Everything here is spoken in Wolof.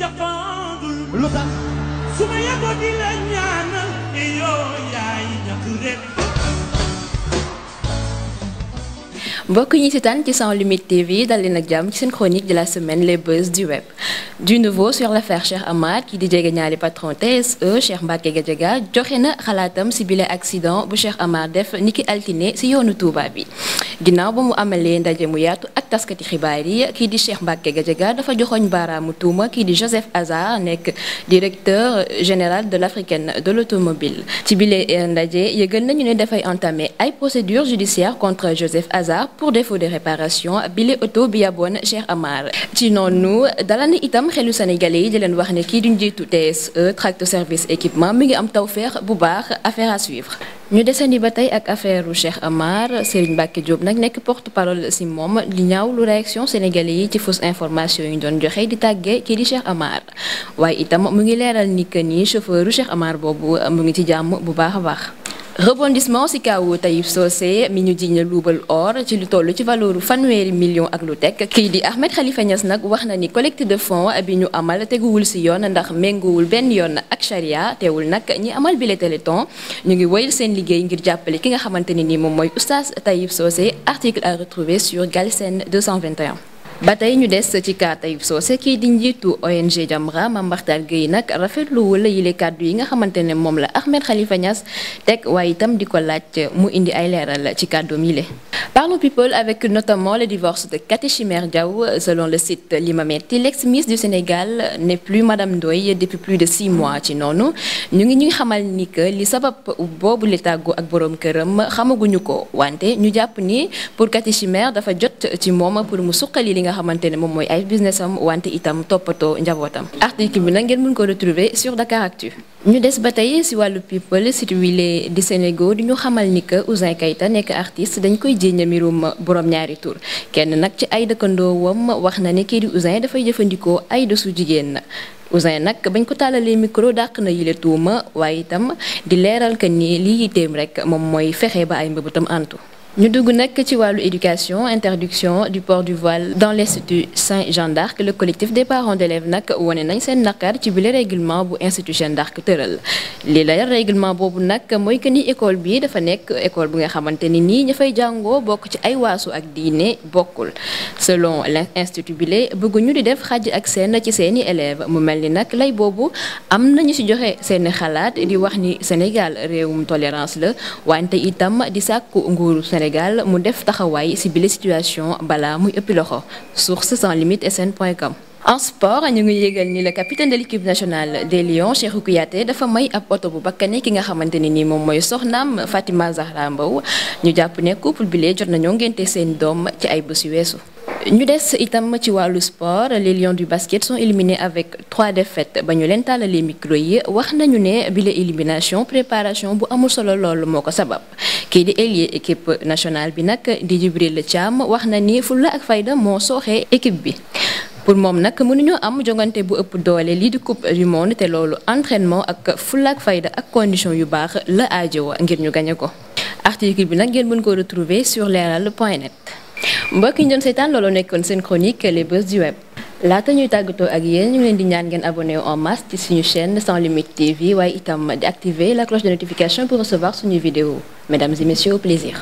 jàppandul yi tax su ci Sans Limites TV dal leen ak jàmm ci seen chronique de la semaine le buzz du web du nouveau sur l'affaire Cheikh Amar ki di jege ñaari patron TSE Cheikh Mbacké Gadiaga joxe na xalaatam ci bile accident bu Cheikh Amar def niki altine ci yoonu tuubaab yi ginnaaw ba mu amalee ndaje mu yaatu ak taskati xibaar yi kii di Cheikh Mbacke Gadiaga dafa joxoñ baaraamu tuuma kii di Joseph Hazard nekk directeur général de l'Africaine de l'automobile ci bile eh, ndaje yëgal nañu ne dafay entamer ay procédure judiciaire contre Joseph Hazard pour défaut de réparation bile auto bi yaboon Cheikh Amar ci noonu dalal na itam xelu sénégalais yi di leen wax ne kii di njiitu TSE tracto service équipement mi ngi am tawfeex bu baax affaire à suivre ñu desandi ba tey ak affaire Cheikh Amar Serigne Mbacké Diop nag nekk porte parole si moom di ñaaw lu réaction sénégalais yi ci fausse information yi ñu doon joxe di tàggee kii di Cheikh Amar waaye itam mu ngi leeral ni que ni chauffeur Cheikh Amar boobu mu ngi ci jàmm bu baax a baax. rebondissement si kaw Taïb Socé mi ñu jiñ luubal or ci lu toll ci valeur fanweeri million ak lu tek kii di Ahmed Khalifa Niass nag wax na ni collecte de fonds bi ñu amal teguwul si yoon ndax méngoowul benn yoon ak charia teewul nag ñi amal bile téléthon ñu ngi woyal seen liggéey ngir jàppale ki nga xamante ne ni moom mooy oustaz Taïb Socé article à retrouver sur Galsen 221 ba tey ñu des ci kaa Tayib Socé kii di njiitu ONG Jamra Mame Makhtar Gueye nag rafetlu wala yile kàddu yi nga xamante ne moom la Ahmed Khalifa Niass teg waaye itam di ko laaj mu indi ay leeral ci kàddoom yile Parlons people avec notamment le divorce de Katy Chimère Diaw. Selon le site Limametti, l'ex-miss du Sénégal n'est plus Madame Ndoye depuis plus de six mois ci noonu ñu ngi ñuy xamal ni que li sabab boobu li tàggoo ak boroom këram xamaguñu ko wante ñu jàpp ni pour Katy Chimère dafa jot ci moom pour mu suqali li nga xamante ne moom mooy ay business am wante itam toppatoo njabootam. article bi na ngeen mën ko retrouver sur Dakaractu. ñu des ba tey si wàllu di Sénégal di ñu xamal ni que Ouzin nekk dañ koy jéñ na mbirum borom ñaari tur kenn nag ci ay dëkkandoowam wax na ne kii di Ouzin dafay jëfandikoo ay dësu jigéen Ouzin nag bañ ko tàllalee micro dàq na yile tuuma waaye itam di leeral que nii lii yitteem rek moom mooy fexe ba ay mbëbëtam antu. ñu dugg nag ci wàllu éducation interdiction du port du voile dans l'institut Saint-Jean d'Arc le collectif des parents d'élèves nag wane nañ seen naqar ci bile règlement bu institut Jeanne d'Arc tëral lii la règlement boobu nag mooy que ni école bii dafa nekk école bu nga xamante ni nii ña fay jàngoo bokk ci ay waasu ak diine bokkul selon l'institut bile bëgguñu di def xaj ak seen ci seeni élèves mu mel ni nag lay boobu am nañu ci joxe seeni xalaat di wax ni Sénégal réewum la wante itam di sàkku Sénégal mu def taxawaay ci bile situation balaa muy ëppi loxo source sans limite sn.com. en sport ñu ngi yégal ni le capitaine de l'équipe nationale des Lions Cheikhou Kouyaté dafa may ab oto bu bakkane ki nga xamante ne ni moom mooy soxnaam Fatima Zahra Mbow ñu jàpp ne couple bile jot nañoo ngénte seen doom ci ay bés yu weesu. ñu des itam ci wàllu sport les lions du basket sont éliminés avec trois défaites ba ñu leen tàllalee micro yi wax nañu ne bile élimination préparation bu amul solo loolu moo ko sabab kii di ailier équipe nationale bi nag di Jibril Thiam wax na ni fulla ak fayda moo sooxee équipe bi pour moom nag mënuñoo am jongante bu ëpp doole lii di coupe du monde te loolu entraînement ak fulla ak fayda ak condition yu baax la aajowa ngir ñu gañe ko article bi nag ngeen mën ko retrouver sur leeral point net mbokk yi ñu doon seetaan loolu nekkoon seen chronique les buzz du web laata ñuy tàggatoo ak yéen ñu leen di ñaan ngeen abonné wu en masse ci suñu chaîne sans limite TV waaye itam di activer la cloche de notification pour recevoir suñu vidéo mesdames et messieurs au plaisir.